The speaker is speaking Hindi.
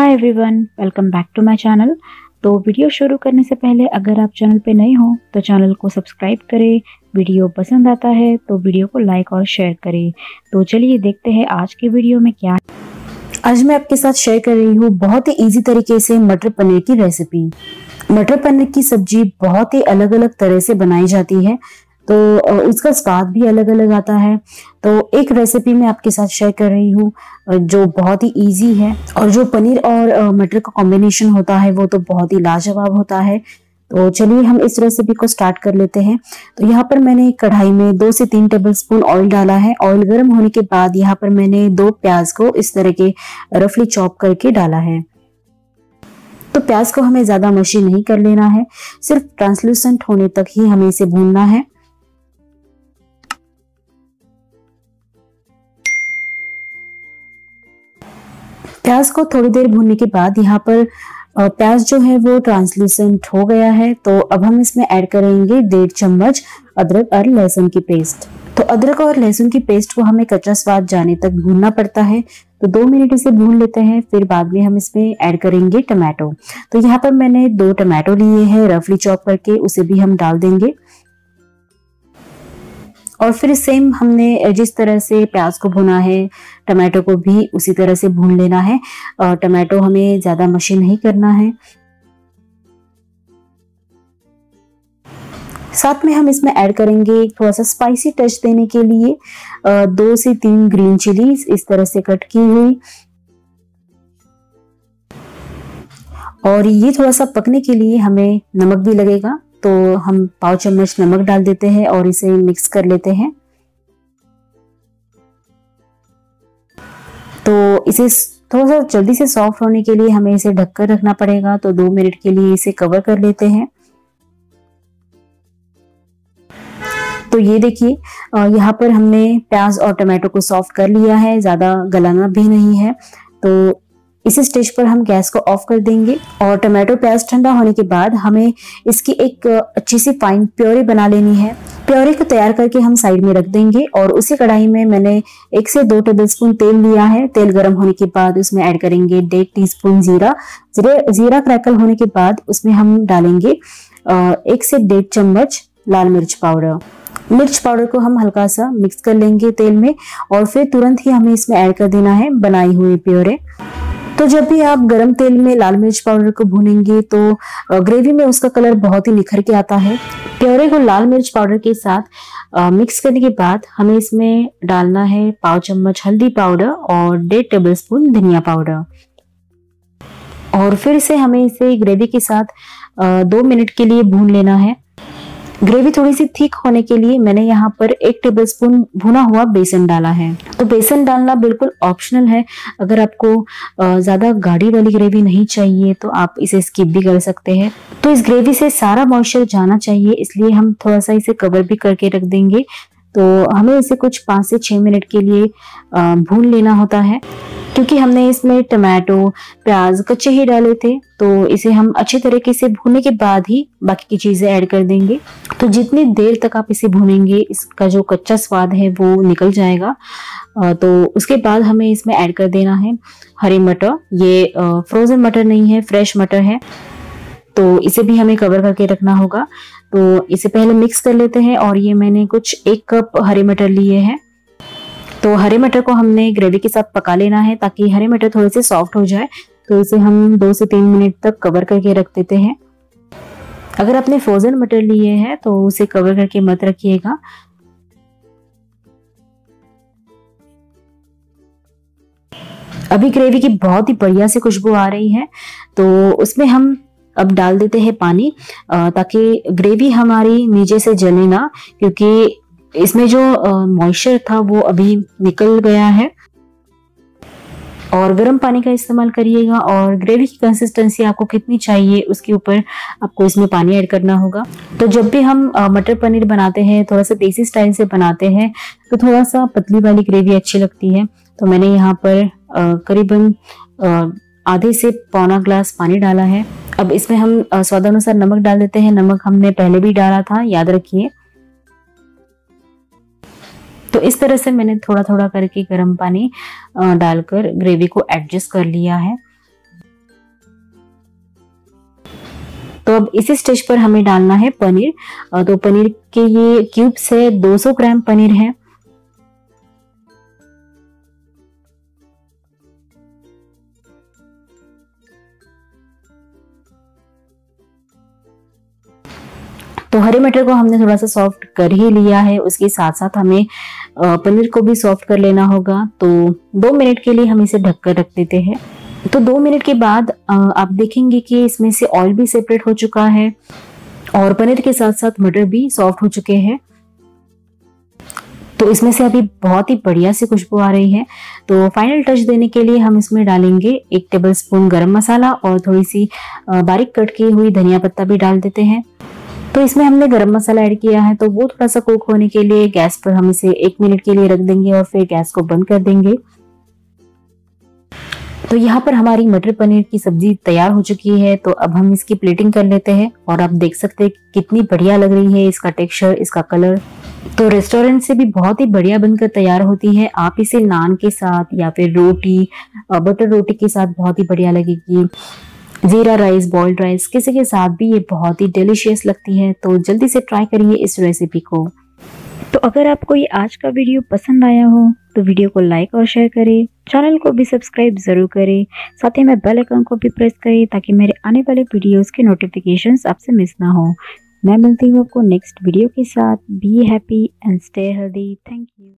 hi everyone welcome back to my channel तो वीडियो शुरू करने से पहले अगर आप चैनल पे नए हो तो चैनल को सब्सक्राइब करें वीडियो पसंद आता है तो वीडियो को लाइक और शेयर करें तो चलिए देखते हैं आज के वीडियो में क्या आज मैं आपके साथ शेयर कर रही हूँ बहुत ही ईजी तरीके से मटर पनीर की रेसिपी मटर पनीर की सब्जी बहुत ही अलग अलग तरह से बनाई जाती है तो उसका स्वाद भी अलग अलग आता है तो एक रेसिपी मैं आपके साथ शेयर कर रही हूँ जो बहुत ही इजी है और जो पनीर और मटर का कॉम्बिनेशन होता है वो तो बहुत ही लाजवाब होता है तो चलिए हम इस रेसिपी को स्टार्ट कर लेते हैं तो यहाँ पर मैंने कढ़ाई में दो से तीन टेबल स्पून ऑयल डाला है ऑयल गर्म होने के बाद यहाँ पर मैंने दो प्याज को इस तरह के रफली चॉप करके डाला है तो प्याज को हमें ज़्यादा मशीन नहीं कर लेना है सिर्फ ट्रांसलूसेंट होने तक ही हमें इसे भूनना है प्याज को थोड़ी देर भूनने के बाद यहाँ पर प्याज जो है वो ट्रांसलूसेंट हो गया है तो अब हम इसमें ऐड करेंगे डेढ़ चम्मच अदरक और लहसुन की पेस्ट तो अदरक और लहसुन की पेस्ट को हमें कच्चा स्वाद जाने तक भूनना पड़ता है तो दो मिनट इसे भून लेते हैं फिर बाद में हम इसमें ऐड करेंगे टमाटो तो यहाँ पर मैंने दो टमाटो लिए हैं रफली चॉप करके उसे भी हम डाल देंगे और फिर सेम हमने जिस तरह से प्याज को भुना है टमाटो को भी उसी तरह से भून लेना है और टमाटो हमें ज़्यादा मशीन नहीं करना है साथ में हम इसमें ऐड करेंगे थोड़ा सा स्पाइसी टच देने के लिए दो से तीन ग्रीन चिलीज इस तरह से कट की हुई और ये थोड़ा सा पकने के लिए हमें नमक भी लगेगा तो हम पाव चम्मच नमक डाल देते हैं और इसे मिक्स कर लेते हैं तो इसे थोड़ा सा जल्दी से सॉफ्ट होने के लिए हमें इसे ढककर रखना पड़ेगा तो दो मिनट के लिए इसे कवर कर लेते हैं तो ये देखिए यहाँ पर हमने प्याज और टमाटो को सॉफ्ट कर लिया है ज़्यादा गलाना भी नहीं है तो इसी स्टेज पर हम गैस को ऑफ कर देंगे और टमाटो प्याज ठंडा होने के बाद हमें इसकी एक अच्छी सी फाइन प्योरी बना लेनी है प्योरी को तैयार करके हम साइड में रख देंगे और उसी कढ़ाई में मैंने एक से दो टेबलस्पून तेल लिया है तेल गर्म होने के बाद उसमें ऐड करेंगे डेढ़ स्पून जीरा जीरा क्रैकल होने के बाद उसमें हम डालेंगे एक से डेढ़ चम्मच लाल मिर्च पाउडर मिर्च पाउडर को हम हल्का सा मिक्स कर लेंगे तेल में और फिर तुरंत ही हमें इसमें ऐड कर देना है बनाई हुई प्योरे तो जब भी आप गर्म तेल में लाल मिर्च पाउडर को भूनेंगे तो ग्रेवी में उसका कलर बहुत ही निखर के आता है प्योरे को लाल मिर्च पाउडर के साथ आ, मिक्स करने के बाद हमें इसमें डालना है पाव चम्मच हल्दी पाउडर और डेढ़ टेबल स्पून धनिया पाउडर और फिर से हमें इसे ग्रेवी के साथ आ, दो मिनट के लिए भून लेना है ग्रेवी थोड़ी सी थिक होने के लिए मैंने यहाँ पर एक टेबल स्पून भुना हुआ बेसन डाला है तो बेसन डालना बिल्कुल ऑप्शनल है अगर आपको ज़्यादा गाढ़ी वाली ग्रेवी नहीं चाहिए तो आप इसे स्किप भी कर सकते हैं तो इस ग्रेवी से सारा मॉइस्चर जाना चाहिए इसलिए हम थोड़ा सा इसे कवर भी करके रख देंगे तो हमें इसे कुछ पाँच से छः मिनट के लिए भून लेना होता है क्योंकि हमने इसमें टमाटो प्याज कच्चे ही डाले थे तो इसे हम अच्छे तरीके से भूनने के बाद ही बाकी की चीज़ें ऐड कर देंगे तो जितनी देर तक आप इसे भूनेंगे इसका जो कच्चा स्वाद है वो निकल जाएगा तो उसके बाद हमें इसमें ऐड कर देना है हरे मटर ये फ्रोज़न मटर नहीं है फ्रेश मटर है तो इसे भी हमें कवर करके रखना होगा तो इसे पहले मिक्स कर लेते हैं और ये मैंने कुछ एक कप हरे मटर लिए हैं तो हरे मटर को हमने ग्रेवी के साथ पका लेना है ताकि हरे मटर थोड़े से सॉफ्ट हो जाए तो इसे हम दो से तीन मिनट तक कवर करके रख देते हैं अगर आपने फ्रोज़न मटर लिए हैं तो उसे कवर करके मत रखिएगा अभी ग्रेवी की बहुत ही बढ़िया से खुशबू आ रही है तो उसमें हम अब डाल देते हैं पानी ताकि ग्रेवी हमारी नीचे से जले ना क्योंकि इसमें जो मॉइस्चर था वो अभी निकल गया है और गर्म पानी का इस्तेमाल करिएगा और ग्रेवी की कंसिस्टेंसी आपको कितनी चाहिए उसके ऊपर आपको इसमें पानी ऐड करना होगा तो जब भी हम मटर पनीर बनाते हैं थोड़ा सा देसी स्टाइल से बनाते हैं तो थोड़ा सा पतली वाली ग्रेवी अच्छी लगती है तो मैंने यहाँ पर करीबन आधे से पौना ग्लास पानी डाला है अब इसमें हम स्वादानुसार नमक डाल देते हैं नमक हमने पहले भी डाला था याद रखिए तो इस तरह से मैंने थोड़ा थोड़ा करके गर्म पानी डालकर ग्रेवी को एडजस्ट कर लिया है तो अब इसी स्टेज पर हमें डालना है पनीर तो पनीर के ये क्यूब्स है 200 ग्राम पनीर है तो हरे मटर को हमने थोड़ा सा सॉफ्ट कर ही लिया है उसके साथ साथ हमें पनीर को भी सॉफ्ट कर लेना होगा तो दो मिनट के लिए हम इसे ढक कर रख देते हैं तो दो मिनट के बाद आप देखेंगे कि इसमें से ऑयल भी सेपरेट हो चुका है और पनीर के साथ साथ मटर भी सॉफ्ट हो चुके हैं तो इसमें से अभी बहुत ही बढ़िया सी खुशबू आ रही है तो फाइनल टच देने के लिए हम इसमें डालेंगे एक टेबल स्पून गर्म मसाला और थोड़ी सी बारीक कट की हुई धनिया पत्ता भी डाल देते हैं तो इसमें हमने गरम मसाला ऐड किया है तो वो थोड़ा सा कुक होने के लिए गैस पर हम इसे एक मिनट के लिए रख देंगे और फिर गैस को बंद कर देंगे तो यहाँ पर हमारी मटर पनीर की सब्जी तैयार हो चुकी है तो अब हम इसकी प्लेटिंग कर लेते हैं और आप देख सकते हैं कितनी बढ़िया लग रही है इसका टेक्सचर इसका कलर तो रेस्टोरेंट से भी बहुत ही बढ़िया बनकर तैयार होती है आप इसे नान के साथ या फिर रोटी बटर रोटी के साथ बहुत ही बढ़िया लगेगी ज़ीरा राइस बॉइल्ड राइस किसी के साथ भी ये बहुत ही डिलीशियस लगती है तो जल्दी से ट्राई करिए इस रेसिपी को तो अगर आपको ये आज का वीडियो पसंद आया हो तो वीडियो को लाइक और शेयर करें चैनल को भी सब्सक्राइब ज़रूर करें साथ ही मैं बेल आइकन को भी प्रेस करें ताकि मेरे आने वाले वीडियोस के नोटिफिकेशंस आपसे मिस ना हो मैं मिलती हूँ आपको नेक्स्ट वीडियो के साथ be happy and stay healthy thank you